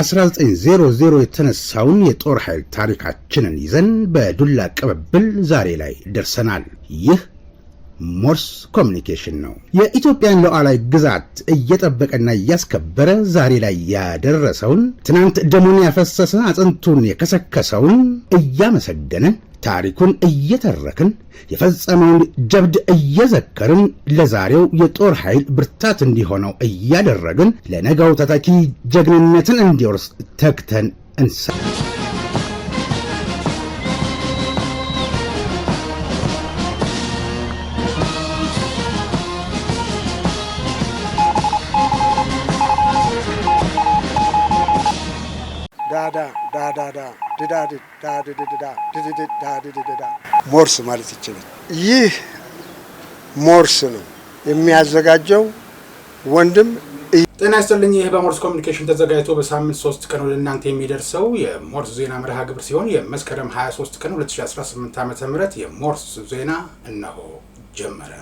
1900 የተነሳውን የጦር ኃይል ታሪካችንን ይዘን በዱላ ቅብብል ዛሬ ላይ ደርሰናል። ይህ ሞርስ ኮሚኒኬሽን ነው። የኢትዮጵያን ሉዓላዊ ግዛት እየጠበቀና እያስከበረ ዛሬ ላይ ያደረሰውን ትናንት ደሙን ያፈሰሰ አጥንቱን የከሰከሰውን እያመሰገንን ታሪኩን እየተረክን የፈጸመውን ጀብድ እየዘከርን ለዛሬው የጦር ኃይል ብርታት እንዲሆነው እያደረግን ለነገው ተተኪ ጀግንነትን እንዲወርስ ተግተን እንሰ ዳዳ ዳዳዳ ድዳድ ዳድድዳ ሞርስ ማለት ይችላል። ይህ ሞርስ ነው የሚያዘጋጀው ወንድም ጤና ይስጥልኝ። ይህ በሞርስ ኮሚኒኬሽን ተዘጋጅቶ በሳምንት ሶስት ቀን ወደ እናንተ የሚደርሰው የሞርስ ዜና መርሃ ግብር ሲሆን የመስከረም 23 ቀን 2018 ዓ ም የሞርስ ዜና እነሆ ጀመረ።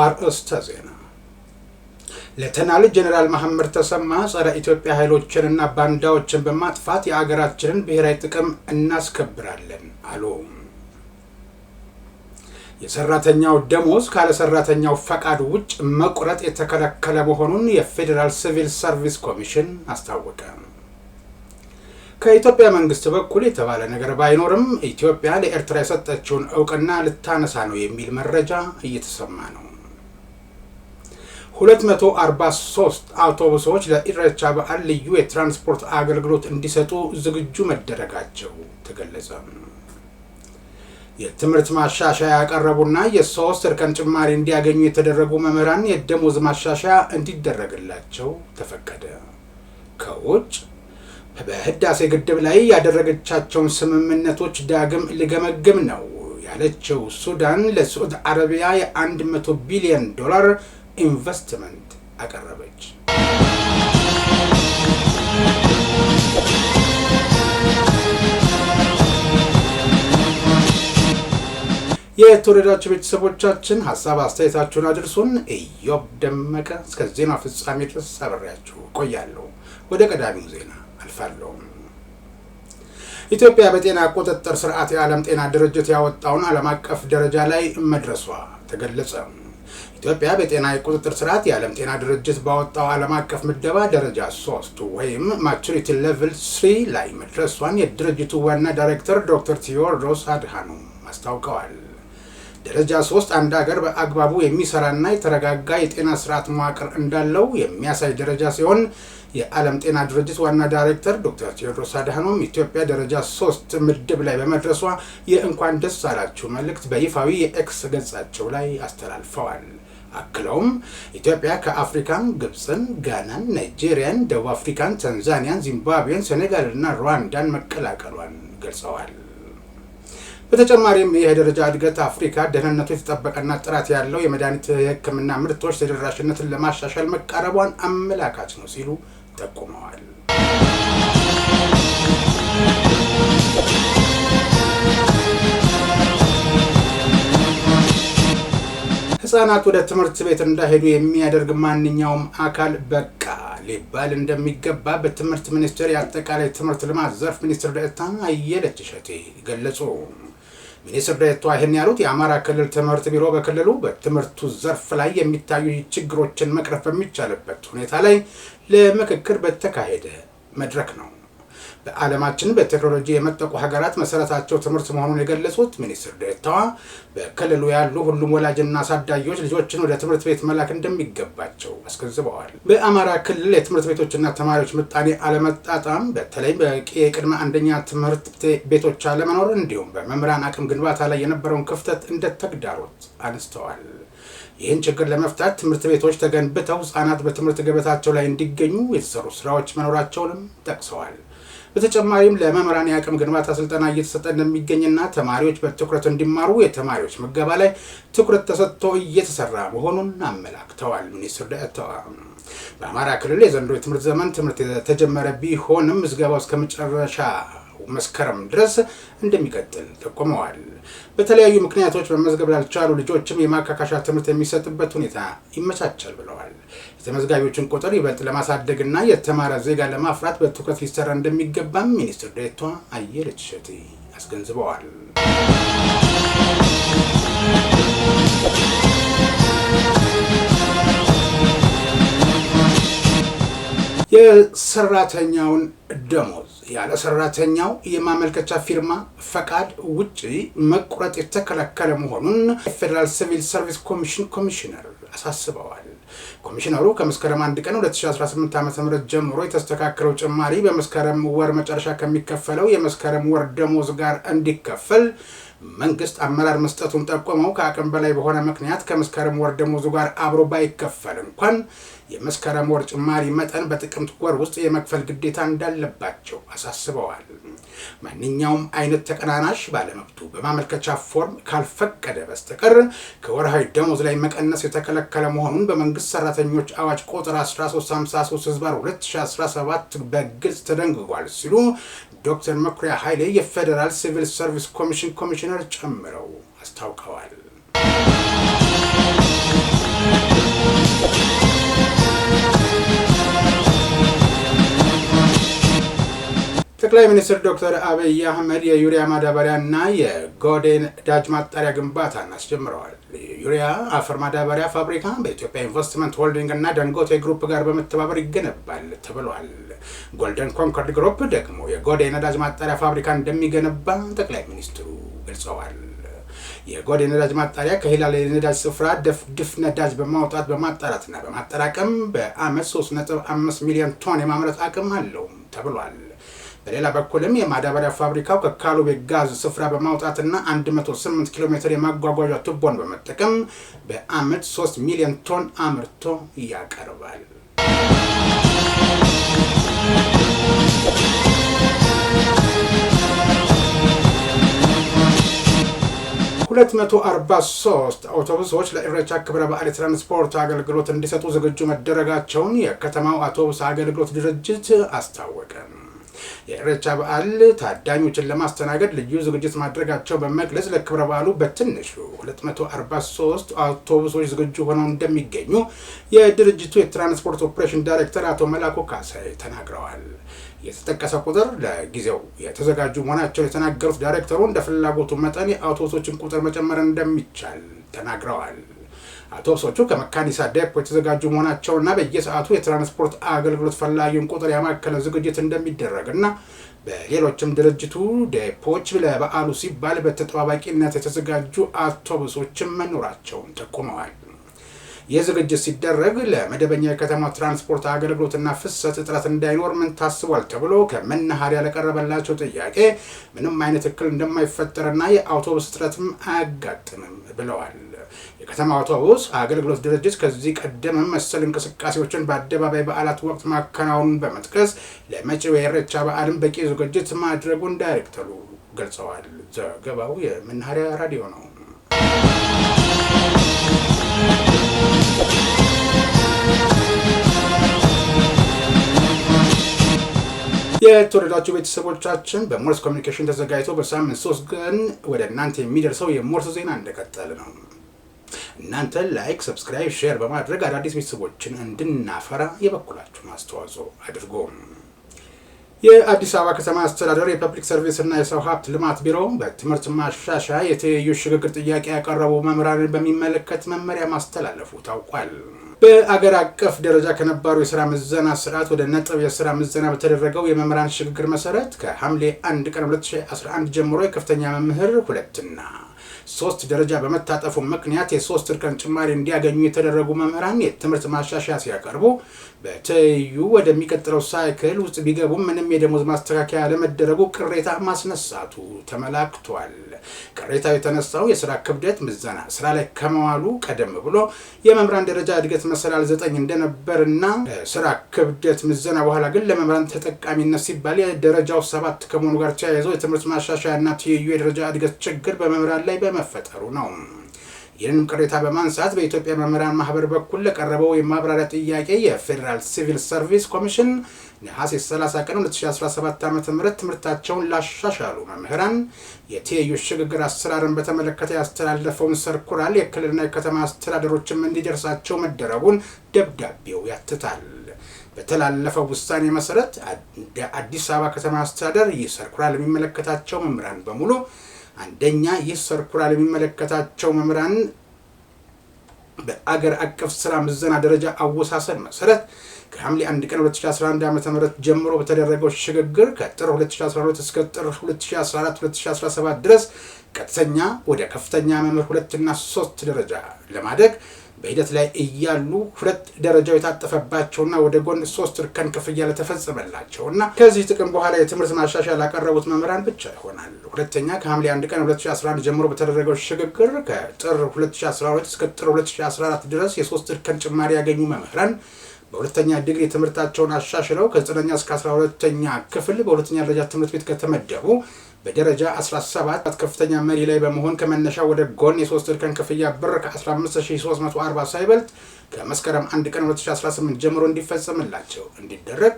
አርእስተ ዜና ሌተናል ጀኔራል መሐመድ ተሰማ ጸረ ኢትዮጵያ ኃይሎችንና ባንዳዎችን በማጥፋት የአገራችንን ብሔራዊ ጥቅም እናስከብራለን አሉ። የሰራተኛው ደሞዝ ካለ ሰራተኛው ፈቃድ ውጭ መቁረጥ የተከለከለ መሆኑን የፌዴራል ሲቪል ሰርቪስ ኮሚሽን አስታወቀ። ከኢትዮጵያ መንግስት በኩል የተባለ ነገር ባይኖርም ኢትዮጵያ ለኤርትራ የሰጠችውን እውቅና ልታነሳ ነው የሚል መረጃ እየተሰማ ነው። 243 አውቶቡሶች ለኢሬቻ በዓል ልዩ የትራንስፖርት አገልግሎት እንዲሰጡ ዝግጁ መደረጋቸው ተገለጸ። የትምህርት ማሻሻያ ያቀረቡና የሶስት እርከን ጭማሪ እንዲያገኙ የተደረጉ መምህራን የደሞዝ ማሻሻያ እንዲደረግላቸው ተፈቀደ። ከውጭ በህዳሴ ግድብ ላይ ያደረገቻቸውን ስምምነቶች ዳግም ልገመግም ነው ያለችው ሱዳን ለሳዑዲ አረቢያ የ100 ቢሊዮን ዶላር ኢንቨስትመንት አቀረበች። የተወደዳችሁ ቤተሰቦቻችን ሀሳብ አስተያየታችሁን አድርሱን። እዮብ ደመቀ እስከ ዜና ፍጻሜ ድረስ አብሬያችሁ ቆያለሁ። ወደ ቀዳሚው ዜና አልፋለሁ። ኢትዮጵያ በጤና ቁጥጥር ስርዓት የዓለም ጤና ድርጅት ያወጣውን ዓለም አቀፍ ደረጃ ላይ መድረሷ ተገለጸ። ኢትዮጵያ በጤና የቁጥጥር ስርዓት የዓለም ጤና ድርጅት ባወጣው ዓለም አቀፍ ምደባ ደረጃ ሶስቱ ወይም ማቹሪቲ ሌቭል ስሪ ላይ መድረሷን የድርጅቱ ዋና ዳይሬክተር ዶክተር ቴዎድሮስ አድሃኖም አስታውቀዋል። ደረጃ ሶስት አንድ ሀገር በአግባቡ የሚሰራና የተረጋጋ የጤና ስርዓት መዋቅር እንዳለው የሚያሳይ ደረጃ ሲሆን የዓለም ጤና ድርጅት ዋና ዳይሬክተር ዶክተር ቴዎድሮስ አድሃኖም ኢትዮጵያ ደረጃ ሶስት ምድብ ላይ በመድረሷ የእንኳን ደስ አላችሁ መልእክት በይፋዊ የኤክስ ገጻቸው ላይ አስተላልፈዋል። አክለውም ኢትዮጵያ ከአፍሪካን ግብፅን፣ ጋናን፣ ናይጄሪያን፣ ደቡብ አፍሪካን፣ ታንዛኒያን፣ ዚምባብዌን፣ ሴኔጋልና ሩዋንዳን መቀላቀሏን ገልጸዋል። በተጨማሪም ይህ የደረጃ እድገት አፍሪካ ደህንነቱ የተጠበቀና ጥራት ያለው የመድኃኒት የሕክምና ምርቶች ተደራሽነትን ለማሻሻል መቃረቧን አመላካች ነው ሲሉ ጠቁመዋል። ህጻናት ወደ ትምህርት ቤት እንዳይሄዱ የሚያደርግ ማንኛውም አካል በቃ ሊባል እንደሚገባ በትምህርት ሚኒስቴር የአጠቃላይ ትምህርት ልማት ዘርፍ ሚኒስትር ዴኤታ አየለች እሸቴ ገለጹ። ሚኒስትር ዴኤታዋ ይህን ያሉት የአማራ ክልል ትምህርት ቢሮ በክልሉ በትምህርቱ ዘርፍ ላይ የሚታዩ ችግሮችን መቅረፍ በሚቻልበት ሁኔታ ላይ ለምክክር በተካሄደ መድረክ ነው። በዓለማችን በቴክኖሎጂ የመጠቁ ሀገራት መሰረታቸው ትምህርት መሆኑን የገለጹት ሚኒስትር ዴኤታዋ በክልሉ ያሉ ሁሉም ወላጅና አሳዳጊዎች ልጆችን ወደ ትምህርት ቤት መላክ እንደሚገባቸው አስገንዝበዋል። በአማራ ክልል የትምህርት ቤቶችና ተማሪዎች ምጣኔ አለመጣጣም፣ በተለይ በቂ የቅድመ አንደኛ ትምህርት ቤቶች አለመኖር እንዲሁም በመምህራን አቅም ግንባታ ላይ የነበረውን ክፍተት እንደ ተግዳሮት አንስተዋል። ይህን ችግር ለመፍታት ትምህርት ቤቶች ተገንብተው ህጻናት በትምህርት ገበታቸው ላይ እንዲገኙ የተሰሩ ስራዎች መኖራቸውንም ጠቅሰዋል። በተጨማሪም ለመምህራን የአቅም ግንባታ ስልጠና እየተሰጠ እንደሚገኝና ተማሪዎች በትኩረት እንዲማሩ የተማሪዎች ምገባ ላይ ትኩረት ተሰጥቶ እየተሰራ መሆኑን አመላክተዋል። ሚኒስትር ዴኤታዋ በአማራ ክልል የዘንድሮ የትምህርት ዘመን ትምህርት የተጀመረ ቢሆንም ምዝገባው እስከ መጨረሻ መስከረም ድረስ እንደሚቀጥል ጠቁመዋል። በተለያዩ ምክንያቶች መመዝገብ ላልቻሉ ልጆችም የማካካሻ ትምህርት የሚሰጥበት ሁኔታ ይመቻቻል ብለዋል። የተመዝጋቢዎችን ቁጥር ይበልጥ ለማሳደግና የተማረ ዜጋ ለማፍራት በትኩረት ሊሰራ እንደሚገባም ሚኒስትር ዴኤታ አየለች እሸቴ አስገንዝበዋል። የሰራተኛውን ደሞዝ ያለ ሰራተኛው የማመልከቻ ፊርማ ፈቃድ ውጪ መቁረጥ የተከለከለ መሆኑን የፌዴራል ሲቪል ሰርቪስ ኮሚሽን ኮሚሽነር አሳስበዋል። ኮሚሽነሩ ከመስከረም አንድ ቀን 2018 ዓ ም ጀምሮ የተስተካከለው ጭማሪ በመስከረም ወር መጨረሻ ከሚከፈለው የመስከረም ወር ደሞዝ ጋር እንዲከፈል መንግስት አመራር መስጠቱን ጠቁመው ከአቅም በላይ በሆነ ምክንያት ከመስከረም ወር ደሞዙ ጋር አብሮ ባይከፈል እንኳን የመስከረም ወር ጭማሪ መጠን በጥቅምት ወር ውስጥ የመክፈል ግዴታ እንዳለባቸው አሳስበዋል። ማንኛውም አይነት ተቀናናሽ ባለመብቱ በማመልከቻ ፎርም ካልፈቀደ በስተቀር ከወርሃዊ ደሞዝ ላይ መቀነስ የተከለከለ መሆኑን በመንግስት ሰራተኞች አዋጅ ቁጥር 1353 ህዝባር 2017 በግልጽ ተደንግጓል ሲሉ ዶክተር መኩሪያ ኃይሌ የፌዴራል ሲቪል ሰርቪስ ኮሚሽን ኮሚሽነር ጨምረው አስታውቀዋል። ጠቅላይ ሚኒስትር ዶክተር አብይ አህመድ የዩሪያ ማዳበሪያ እና የጎዴን ዳጅ ማጣሪያ ግንባታን አስጀምረዋል። ዩሪያ አፈር ማዳበሪያ ፋብሪካ በኢትዮጵያ ኢንቨስትመንት ሆልዲንግ እና ደንጎቴ ግሩፕ ጋር በመተባበር ይገነባል ተብሏል። ጎልደን ኮንኮርድ ግሩፕ ደግሞ የጎዴን ነዳጅ ማጣሪያ ፋብሪካ እንደሚገነባ ጠቅላይ ሚኒስትሩ ገልጸዋል። የጎዴ ነዳጅ ማጣሪያ ከሂላል የነዳጅ ስፍራ ድፍድፍ ነዳጅ በማውጣት በማጣራትና በማጠራቀም በአመት 3.5 ሚሊዮን ቶን የማምረት አቅም አለው ተብሏል። በሌላ በኩልም የማዳበሪያ ፋብሪካው ከካሉቤ ጋዝ ስፍራ በማውጣትና 108 ኪሎ ሜትር የማጓጓዣ ቱቦን በመጠቀም በአመት 3 ሚሊዮን ቶን አምርቶ ያቀርባል። ሁለት መቶ አርባ ሶስት አውቶቡሶች ለኢሬቻ ክብረ በዓል የትራንስፖርት አገልግሎት እንዲሰጡ ዝግጁ መደረጋቸውን የከተማው አውቶቡስ አገልግሎት ድርጅት አስታወቀም። የኢሬቻ በዓል ታዳሚዎችን ለማስተናገድ ልዩ ዝግጅት ማድረጋቸው በመግለጽ ለክብረ በዓሉ በትንሹ 243 አውቶቡሶች ዝግጁ ሆነው እንደሚገኙ የድርጅቱ የትራንስፖርት ኦፕሬሽን ዳይሬክተር አቶ መላኩ ካሳይ ተናግረዋል። የተጠቀሰ ቁጥር ለጊዜው የተዘጋጁ መሆናቸውን የተናገሩት ዳይሬክተሩ እንደ ፍላጎቱ መጠን የአውቶቡሶችን ቁጥር መጨመር እንደሚቻል ተናግረዋል። አውቶቡሶቹ ከመካኒሳ ዴፖ የተዘጋጁ መሆናቸውና በየሰዓቱ የትራንስፖርት አገልግሎት ፈላጊውን ቁጥር ያማከለ ዝግጅት እንደሚደረግና በሌሎችም ድርጅቱ ዴፖች ለበዓሉ ሲባል በተጠባባቂነት የተዘጋጁ አውቶቡሶችም መኖራቸውን ጠቁመዋል። ይህ ዝግጅት ሲደረግ ለመደበኛ የከተማ ትራንስፖርት አገልግሎትና ፍሰት እጥረት እንዳይኖር ምን ታስቧል ተብሎ ከመናኸሪያ ለቀረበላቸው ጥያቄ ምንም አይነት እክል እንደማይፈጠርና የአውቶቡስ እጥረትም አያጋጥምም ብለዋል። የከተማ አውቶቡስ አገልግሎት ድርጅት ከዚህ ቀደም መሰል እንቅስቃሴዎችን በአደባባይ በዓላት ወቅት ማከናወኑን በመጥቀስ ለመጪው የኢሬቻ በዓልን በቂ ዝግጅት ማድረጉን ዳይሬክተሩ ገልጸዋል። ዘገባው የመናኸሪያ ራዲዮ ነው። የተወደዳችሁ ቤተሰቦቻችን በሞርስ ኮሚኒኬሽን ተዘጋጅቶ በሳምንት ሶስት ቀን ወደ እናንተ የሚደርሰው የሞርስ ዜና እንደቀጠል ነው። እናንተ ላይክ፣ ሰብስክራይብ፣ ሼር በማድረግ አዳዲስ ቤተሰቦችን እንድናፈራ የበኩላችሁን አስተዋጽኦ አድርጎ የአዲስ አበባ ከተማ አስተዳደር የፐብሊክ ሰርቪስ እና የሰው ሀብት ልማት ቢሮ በትምህርት ማሻሻያ የትይዩ ሽግግር ጥያቄ ያቀረቡ መምህራንን በሚመለከት መመሪያ ማስተላለፉ ታውቋል። በአገር አቀፍ ደረጃ ከነባሩ የስራ ምዘና ስርዓት ወደ ነጥብ የስራ ምዘና በተደረገው የመምህራን ሽግግር መሰረት ከሐምሌ 1 ቀን 2011 ጀምሮ የከፍተኛ መምህር ሁለትና ሶስት ደረጃ በመታጠፉ ምክንያት የሶስት እርከን ጭማሪ እንዲያገኙ የተደረጉ መምህራን የትምህርት ማሻሻያ ሲያቀርቡ በትይዩ ወደሚቀጥለው ሳይክል ውስጥ ቢገቡ ምንም የደሞዝ ማስተካከያ ለመደረጉ ቅሬታ ማስነሳቱ ተመላክቷል። ቅሬታው የተነሳው የስራ ክብደት ምዘና ስራ ላይ ከመዋሉ ቀደም ብሎ የመምህራን ደረጃ እድገት መሰላል ዘጠኝ እንደነበርና ስራ ክብደት ምዘና በኋላ ግን ለመምህራን ተጠቃሚነት ሲባል የደረጃው ሰባት ከመሆኑ ጋር ተያይዘው የትምህርት ማሻሻያና ትይዩ የደረጃ እድገት ችግር በመምህራን ላይ በመፈጠሩ ነው። ይህንም ቅሬታ በማንሳት በኢትዮጵያ መምህራን ማህበር በኩል ለቀረበው የማብራሪያ ጥያቄ የፌዴራል ሲቪል ሰርቪስ ኮሚሽን ነሐሴ 30 ቀን 2017 ዓ ም ትምህርታቸውን ላሻሻሉ መምህራን የትይዩ ሽግግር አሰራርን በተመለከተ ያስተላለፈውን ሰርኩላር የክልልና የከተማ አስተዳደሮችም እንዲደርሳቸው መደረጉን ደብዳቤው ያትታል። በተላለፈው ውሳኔ መሰረት አዲስ አበባ ከተማ አስተዳደር ይህ ሰርኩላር ለሚመለከታቸው መምህራን በሙሉ አንደኛ ይህ ሰርኩላር የሚመለከታቸው መምህራን በአገር አቀፍ ስራ ምዘና ደረጃ አወሳሰን መሰረት ከሐምሌ 1 ቀን 2011 ዓ ም ጀምሮ በተደረገው ሽግግር ከጥር 2012 እስከ ጥር 2014 2017 ድረስ ከፍተኛ ወደ ከፍተኛ መምህር ሁለትና ሶስት ደረጃ ለማደግ በሂደት ላይ እያሉ ሁለት ደረጃው የታጠፈባቸውና ወደ ጎን ሶስት እርከን ክፍያ ለተፈጸመላቸው እና ከዚህ ጥቅም በኋላ የትምህርት ማሻሻ ላቀረቡት መምህራን ብቻ ይሆናል። ሁለተኛ ከሐምሌ 1 ቀን 2011 ጀምሮ በተደረገው ሽግግር ከጥር 2012 እስከ ጥር 2014 ድረስ የሶስት እርከን ጭማሪ ያገኙ መምህራን በሁለተኛ ዲግሪ ትምህርታቸውን አሻሽለው ከ9ኛ እስከ 12ኛ ክፍል በሁለተኛ ደረጃ ትምህርት ቤት ከተመደቡ በደረጃ 17 ከፍተኛ መሪ ላይ በመሆን ከመነሻ ወደ ጎን የሶስት እርከን ክፍያ ብር ከ15340 ሳይበልጥ ከመስከረም 1 ቀን 2018 ጀምሮ እንዲፈጸምላቸው እንዲደረግ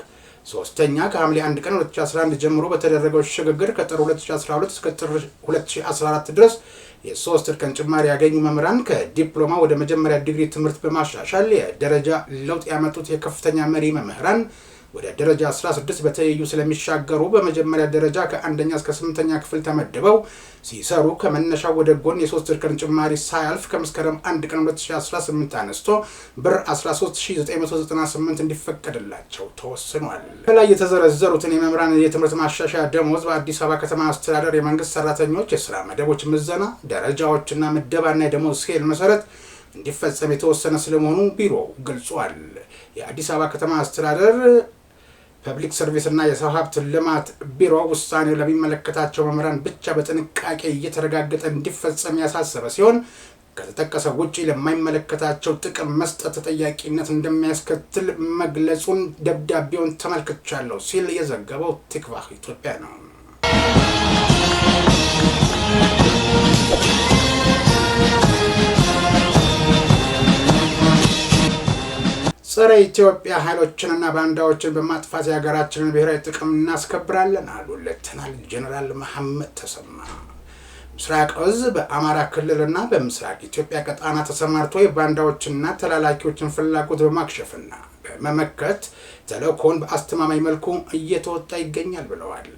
ሶስተኛ ከሐምሌ 1 ቀን 2011 ጀምሮ በተደረገው ሽግግር ከጥር 2012 እስከ ጥር 2014 ድረስ የሶስት እርከን ጭማሪ ያገኙ መምህራን ከዲፕሎማ ወደ መጀመሪያ ዲግሪ ትምህርት በማሻሻል የደረጃ ለውጥ ያመጡት የከፍተኛ መሪ መምህራን ወደ ደረጃ 16 በትይዩ ስለሚሻገሩ በመጀመሪያ ደረጃ ከአንደኛ እስከ ስምንተኛ ክፍል ተመድበው ሲሰሩ ከመነሻው ወደ ጎን የሶስት እርከን ጭማሪ ሳያልፍ ከመስከረም 1 ቀን 2018 አነስቶ ብር 13998 እንዲፈቀድላቸው ተወስኗል። ከላይ የተዘረዘሩትን የመምህራን የትምህርት ማሻሻያ ደሞዝ በአዲስ አበባ ከተማ አስተዳደር የመንግስት ሰራተኞች የስራ መደቦች ምዘና ደረጃዎችና ምደባና የደሞዝ ስኬል መሰረት እንዲፈጸም የተወሰነ ስለመሆኑ ቢሮው ገልጿል። የአዲስ አበባ ከተማ አስተዳደር ፐብሊክ ሰርቪስና የሰው ሀብት ልማት ቢሮ ውሳኔው ለሚመለከታቸው መምህራን ብቻ በጥንቃቄ እየተረጋገጠ እንዲፈጸም ያሳሰበ ሲሆን ከተጠቀሰ ውጪ ለማይመለከታቸው ጥቅም መስጠት ተጠያቂነት እንደሚያስከትል መግለጹን ደብዳቤውን ተመልክቻለሁ ሲል የዘገበው ቲክቫህ ኢትዮጵያ ነው። ጸረ ኢትዮጵያ ኃይሎችንና ባንዳዎችን በማጥፋት የሀገራችንን ብሔራዊ ጥቅም እናስከብራለን አሉ ሌተናል ጀኔራል መሐመድ ተሰማ። ምስራቅ እዝ በአማራ ክልልና በምስራቅ ኢትዮጵያ ቀጣና ተሰማርቶ የባንዳዎችና ተላላኪዎችን ፍላጎት በማክሸፍና በመመከት ተልዕኮውን በአስተማማኝ መልኩ እየተወጣ ይገኛል ብለዋል።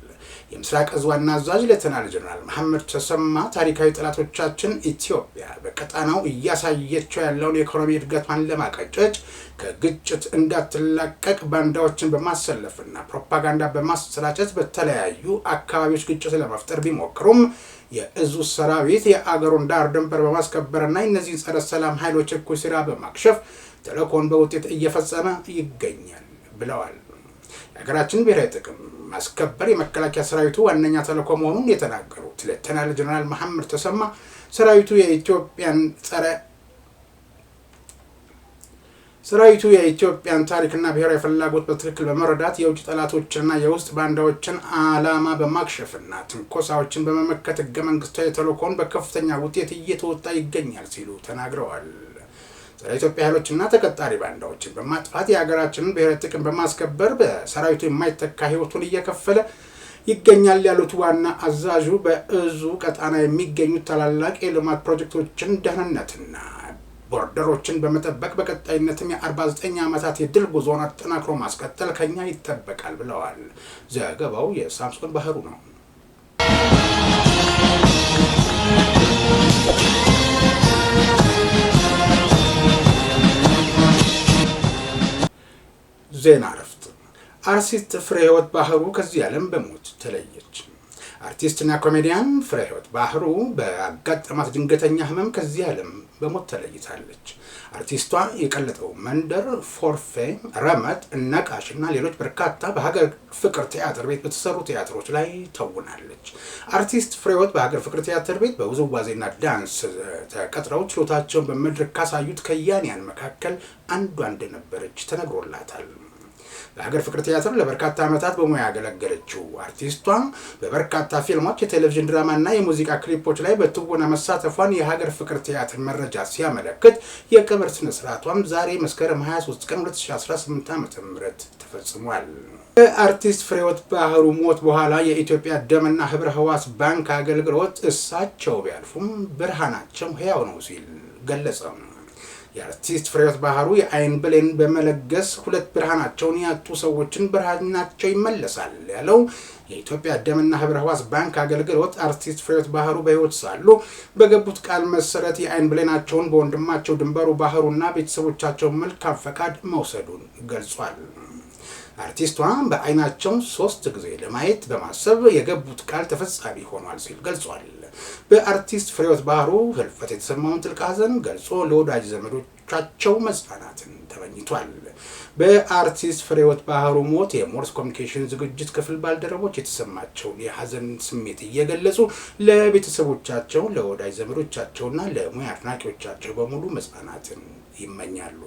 የምስራቅ እዝ ዋና አዛዥ ሌተናል ጀነራል መሐመድ ተሰማ ታሪካዊ ጠላቶቻችን ኢትዮጵያ በቀጣናው እያሳየችው ያለውን የኢኮኖሚ እድገቷን ለማቀጨጭ ከግጭት እንዳትላቀቅ ባንዳዎችን በማሰለፍና ፕሮፓጋንዳ በማሰራጨት በተለያዩ አካባቢዎች ግጭት ለመፍጠር ቢሞክሩም የእዙ ሰራዊት የአገሩን ዳር ድንበር በማስከበርና እነዚህን ጸረ ሰላም ኃይሎች እኩይ ስራ በማክሸፍ ተልዕኮውን በውጤት እየፈጸመ ይገኛል ብለዋል። የሀገራችን ብሔራዊ ጥቅም ማስከበር የመከላከያ ሰራዊቱ ዋነኛ ተልዕኮ መሆኑን የተናገሩት ሌተናል ጀነራል መሐመድ ተሰማ ሰራዊቱ የኢትዮጵያን ጸረ ሰራዊቱ የኢትዮጵያን ታሪክና ብሔራዊ ፍላጎት በትክክል በመረዳት የውጭ ጠላቶችንና የውስጥ ባንዳዎችን አላማ በማክሸፍና ትንኮሳዎችን በመመከት ህገ መንግስታዊ ተልዕኮውን በከፍተኛ ውጤት እየተወጣ ይገኛል ሲሉ ተናግረዋል። ጸረ ኢትዮጵያ ኃይሎችና ተቀጣሪ ባንዳዎችን በማጥፋት የሀገራችንን ብሔራዊ ጥቅም በማስከበር በሰራዊቱ የማይተካ ህይወቱን እየከፈለ ይገኛል ያሉት ዋና አዛዡ በእዙ ቀጣና የሚገኙት ታላላቅ የልማት ፕሮጀክቶችን ደህንነትና ቦርደሮችን በመጠበቅ በቀጣይነትም የ49 ዓመታት የድል ጉዞን አጠናክሮ ማስቀጠል ከኛ ይጠበቃል ብለዋል። ዘገባው የሳምሶን ባህሩ ነው። ዜና እረፍት። አርቲስት ፍሬህይወት ባህሩ ከዚህ ዓለም በሞት ተለየች። አርቲስትና ኮሜዲያን ፍሬህይወት ባህሩ በአጋጠማት ድንገተኛ ህመም ከዚህ ዓለም በሞት ተለይታለች። አርቲስቷ የቀለጠው መንደር፣ ፎርፌ፣ ረመጥ፣ ነቃሽ እና ሌሎች በርካታ በሀገር ፍቅር ቲያትር ቤት በተሰሩ ቲያትሮች ላይ ተውናለች። አርቲስት ፍሬህይወት በሀገር ፍቅር ቲያትር ቤት በውዝዋዜና ዳንስ ተቀጥረው ችሎታቸውን በመድረክ ካሳዩት ከያንያን መካከል አንዷ እንደነበረች ተነግሮላታል። ለሀገር ፍቅር ቲያትር ለበርካታ ዓመታት በሙያ ያገለገለችው አርቲስቷም በበርካታ ፊልሞች፣ የቴሌቪዥን ድራማና የሙዚቃ ክሊፖች ላይ በትወና መሳተፏን የሀገር ፍቅር ቲያትር መረጃ ሲያመለክት የቀብር ስነስርዓቷም ዛሬ መስከረም 23 ቀን 2018 ዓ ም ተፈጽሟል። ከአርቲስት ፍሬሕይወት ባህሩ ሞት በኋላ የኢትዮጵያ ደምና ህብረ ህዋስ ባንክ አገልግሎት እሳቸው ቢያልፉም ብርሃናቸው ሕያው ነው ሲል ገለጸም። የአርቲስት ፍሬሕይወት ባህሩ የአይን ብሌን በመለገስ ሁለት ብርሃናቸውን ያጡ ሰዎችን ብርሃናቸው ይመለሳል ያለው የኢትዮጵያ ደምና ህብረ ህዋስ ባንክ አገልግሎት አርቲስት ፍሬሕይወት ባህሩ በህይወት ሳሉ በገቡት ቃል መሰረት የአይን ብሌናቸውን በወንድማቸው ድንበሩ ባህሩና ቤተሰቦቻቸው መልካም ፈቃድ መውሰዱን ገልጿል። አርቲስቷ በአይናቸው ሶስት ጊዜ ለማየት በማሰብ የገቡት ቃል ተፈጻሚ ሆኗል ሲል ገልጿል። በአርቲስት ፍሬወት ባህሩ ህልፈት የተሰማውን ጥልቅ ሐዘን ገልጾ ለወዳጅ ዘመዶቻቸው መጽናናትን ተመኝቷል። በአርቲስት ፍሬወት ባህሩ ሞት የሞርስ ኮሚኒኬሽን ዝግጅት ክፍል ባልደረቦች የተሰማቸውን የሐዘን ስሜት እየገለጹ ለቤተሰቦቻቸው፣ ለወዳጅ ዘመዶቻቸውና ለሙያ አድናቂዎቻቸው በሙሉ መጽናናትን ይመኛሉ።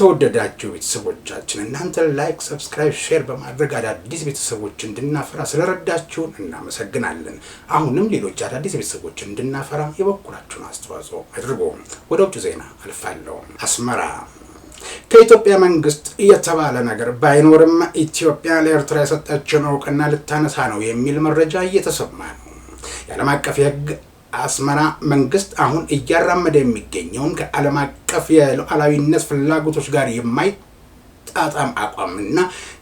የተወደዳችሁ ቤተሰቦቻችን እናንተ ላይክ፣ ሰብስክራይብ፣ ሼር በማድረግ አዳዲስ ቤተሰቦች እንድናፈራ ስለረዳችሁን እናመሰግናለን። አሁንም ሌሎች አዳዲስ ቤተሰቦች እንድናፈራ የበኩላችሁን አስተዋጽኦ አድርጎ ወደ ውጭ ዜና አልፋለሁ። አስመራ ከኢትዮጵያ መንግስት የተባለ ነገር ባይኖርም ኢትዮጵያ ለኤርትራ የሰጠችውን እውቅና ልታነሳ ነው የሚል መረጃ እየተሰማ ነው። የዓለም አቀፍ የህግ አስመራ መንግስት አሁን እያራመደ የሚገኘውን ከዓለም አቀፍ የሉዓላዊነት ፍላጎቶች ጋር የማይጣጣም አቋምና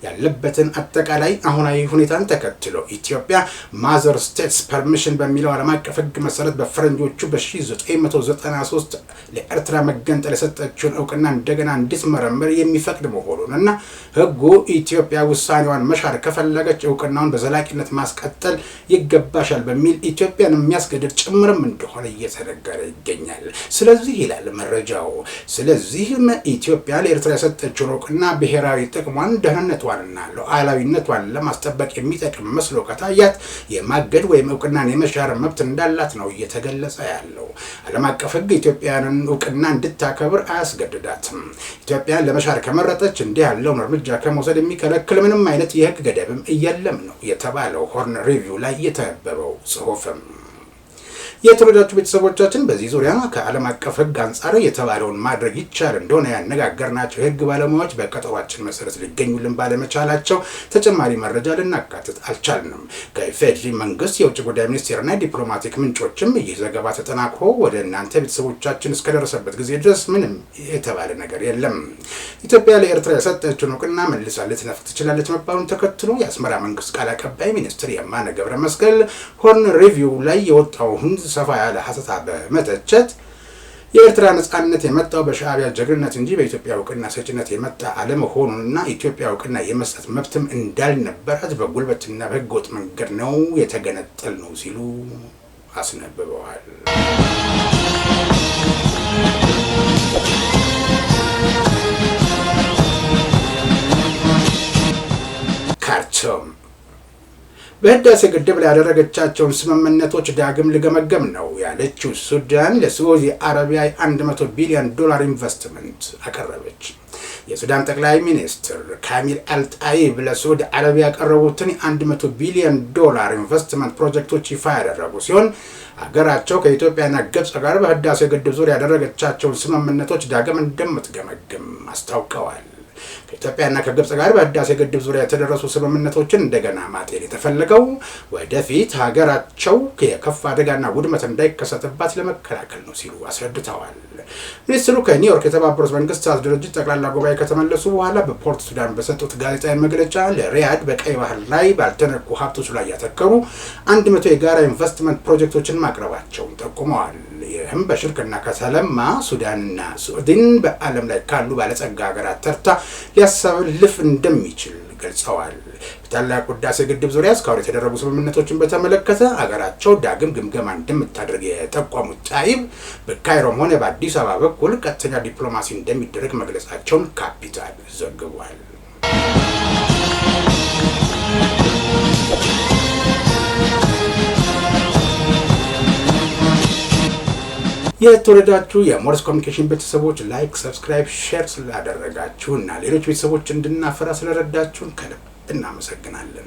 ያለበትን አጠቃላይ አሁናዊ ሁኔታን ተከትሎ ኢትዮጵያ ማዘር ስቴትስ ፐርሚሽን በሚለው ዓለም አቀፍ ሕግ መሰረት በፈረንጆቹ በ1993 ለኤርትራ መገንጠል የሰጠችውን እውቅና እንደገና እንድትመረምር የሚፈቅድ መሆኑን እና ሕጉ ኢትዮጵያ ውሳኔዋን መሻር ከፈለገች እውቅናውን በዘላቂነት ማስቀጠል ይገባሻል በሚል ኢትዮጵያን የሚያስገድድ ጭምርም እንደሆነ እየተነገረ ይገኛል። ስለዚህ ይላል መረጃው፣ ስለዚህም ኢትዮጵያ ለኤርትራ የሰጠችውን እውቅና ብሔራዊ ጥቅሟን ደህንነቱ ነፃነቷንና ሉዓላዊነቷን ለማስጠበቅ የሚጠቅም መስሎ ከታያት የማገድ ወይም እውቅናን የመሻር መብት እንዳላት ነው እየተገለጸ ያለው። ዓለም አቀፍ ሕግ ኢትዮጵያንን እውቅና እንድታከብር አያስገድዳትም። ኢትዮጵያን ለመሻር ከመረጠች እንዲህ ያለውን እርምጃ ከመውሰድ የሚከለክል ምንም አይነት የሕግ ገደብም እየለም ነው የተባለው ሆርን ሪቪው ላይ የተነበበው ጽሁፍም። የተወዳጁ ቤተሰቦቻችን በዚህ ዙሪያ ከዓለም አቀፍ ሕግ አንጻር የተባለውን ማድረግ ይቻል እንደሆነ ያነጋገርናቸው የሕግ ባለሙያዎች በቀጠሯችን መሰረት ሊገኙልን ባለመቻላቸው ተጨማሪ መረጃ ልናካትት አልቻልንም። ከኢፌዴሪ መንግስት የውጭ ጉዳይ ሚኒስቴርና ዲፕሎማቲክ ምንጮችም ይህ ዘገባ ተጠናክሮ ወደ እናንተ ቤተሰቦቻችን እስከደረሰበት ጊዜ ድረስ ምንም የተባለ ነገር የለም። ኢትዮጵያ ለኤርትራ የሰጠችውን እውቅና መልሳ ልትነፍቅ ትችላለች መባሉን ተከትሎ የአስመራ መንግስት ቃል አቀባይ ሚኒስትር የማነ ገብረ መስቀል ሆርን ሪቪው ላይ የወጣውን ሰፋ ያለ ሀተታ በመተቸት የኤርትራ ነጻነት የመጣው በሻዕቢያ ጀግንነት እንጂ በኢትዮጵያ እውቅና ሰጭነት የመጣ አለመሆኑንና ኢትዮጵያ እውቅና የመስጠት መብትም እንዳልነበራት በጉልበትና በህገወጥ መንገድ ነው የተገነጠል ነው ሲሉ አስነብበዋል። ካርቱም በህዳሴ ግድብ ላይ ያደረገቻቸውን ስምምነቶች ዳግም ልገመገም ነው ያለችው ሱዳን ለሳዑዲ አረቢያ 100 ቢሊዮን ዶላር ኢንቨስትመንት አቀረበች። የሱዳን ጠቅላይ ሚኒስትር ካሚል አልጣይብ ለሳዑዲ አረቢያ ያቀረቡትን የ100 ቢሊዮን ዶላር ኢንቨስትመንት ፕሮጀክቶች ይፋ ያደረጉ ሲሆን አገራቸው ከኢትዮጵያና ግብፅ ጋር በህዳሴ ግድብ ዙሪያ ያደረገቻቸውን ስምምነቶች ዳግም እንደምትገመግም አስታውቀዋል። ከኢትዮጵያና ከግብጽ ጋር በህዳሴ ግድብ ዙሪያ የተደረሱ ስምምነቶችን እንደገና ማጤን የተፈለገው ወደፊት ሀገራቸው የከፍ አደጋና ውድመት እንዳይከሰትባት ለመከላከል ነው ሲሉ አስረድተዋል። ሚኒስትሩ ከኒውዮርክ የተባበሩት መንግስታት ድርጅት ጠቅላላ ጉባኤ ከተመለሱ በኋላ በፖርት ሱዳን በሰጡት ጋዜጣዊ መግለጫ ለሪያድ በቀይ ባህር ላይ ባልተነኩ ሀብቶች ላይ ያተከሩ አንድ መቶ የጋራ ኢንቨስትመንት ፕሮጀክቶችን ማቅረባቸውን ጠቁመዋል። ይህም በሽርክና ከተለማ ሱዳንና ሱዲን በዓለም ላይ ካሉ ባለጸጋ ሀገራት ተርታ ሊያሳልፍ እንደሚችል ገልጸዋል። በታላቁ ህዳሴ ግድብ ዙሪያ እስካሁን የተደረጉ ስምምነቶችን በተመለከተ አገራቸው ዳግም ግምገማ እንደምታደርግ የጠቋሙት ጣይብ በካይሮም ሆነ በአዲስ አበባ በኩል ቀጥተኛ ዲፕሎማሲ እንደሚደረግ መግለጻቸውን ካፒታል ዘግቧል። የተወደዳችሁ የሞርስ ኮሚኒኬሽን ቤተሰቦች ላይክ፣ ሰብስክራይብ፣ ሼር ስላደረጋችሁ እና ሌሎች ቤተሰቦች እንድናፈራ ስለረዳችሁን ከልብ እናመሰግናለን።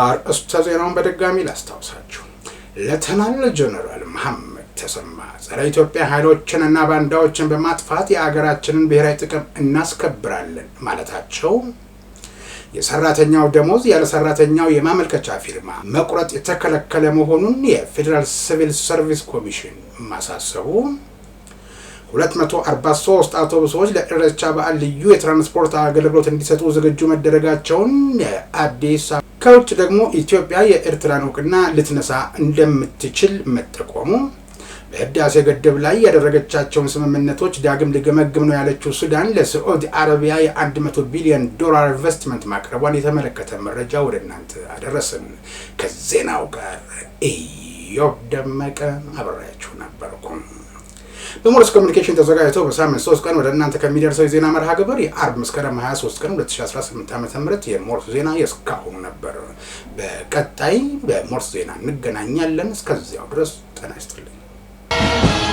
አርእስተ ዜናውን በድጋሚ ላስታውሳችሁ። ሌተናል ጀነራል መሐመድ ተሰማ ጸረ ኢትዮጵያ እና ባንዳዎችን በማጥፋት የአገራችንን ብሔራዊ ጥቅም እናስከብራለን ማለታቸው የሰራተኛው ደሞዝ ያለ ሰራተኛው የማመልከቻ ፊርማ መቁረጥ የተከለከለ መሆኑን የፌዴራል ሲቪል ሰርቪስ ኮሚሽን ማሳሰቡ፣ 243 አውቶቡሶች ለኢሬቻ በዓል ልዩ የትራንስፖርት አገልግሎት እንዲሰጡ ዝግጁ መደረጋቸውን የአዲስ ከውጭ ደግሞ ኢትዮጵያ የኤርትራን እውቅና ልትነሳ እንደምትችል መጠቆሙ በህዳሴ ግድብ ላይ ያደረገቻቸውን ስምምነቶች ዳግም ልገመግም ነው ያለችው ሱዳን ለሳዑዲ አረቢያ የ100 ቢሊዮን ዶላር ኢንቨስትመንት ማቅረቧን የተመለከተ መረጃ ወደ እናንተ አደረስን። ከዜናው ጋር እዮብ ደመቀ አብሬያችሁ ነበርኩ። በሞርስ ኮሚኒኬሽን ተዘጋጅቶ በሳምንት ሶስት ቀን ወደ እናንተ ከሚደርሰው የዜና መርሃ ግብር የአርብ መስከረም 23 ቀን 2018 ዓ ም የሞርስ ዜና የእስካሁኑ ነበር። በቀጣይ በሞርስ ዜና እንገናኛለን። እስከዚያው ድረስ ጤና ይስጥልኝ። Thank you.